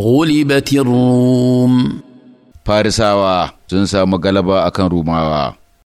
غلبت الروم فارساوا sun samu galaba akan rumawa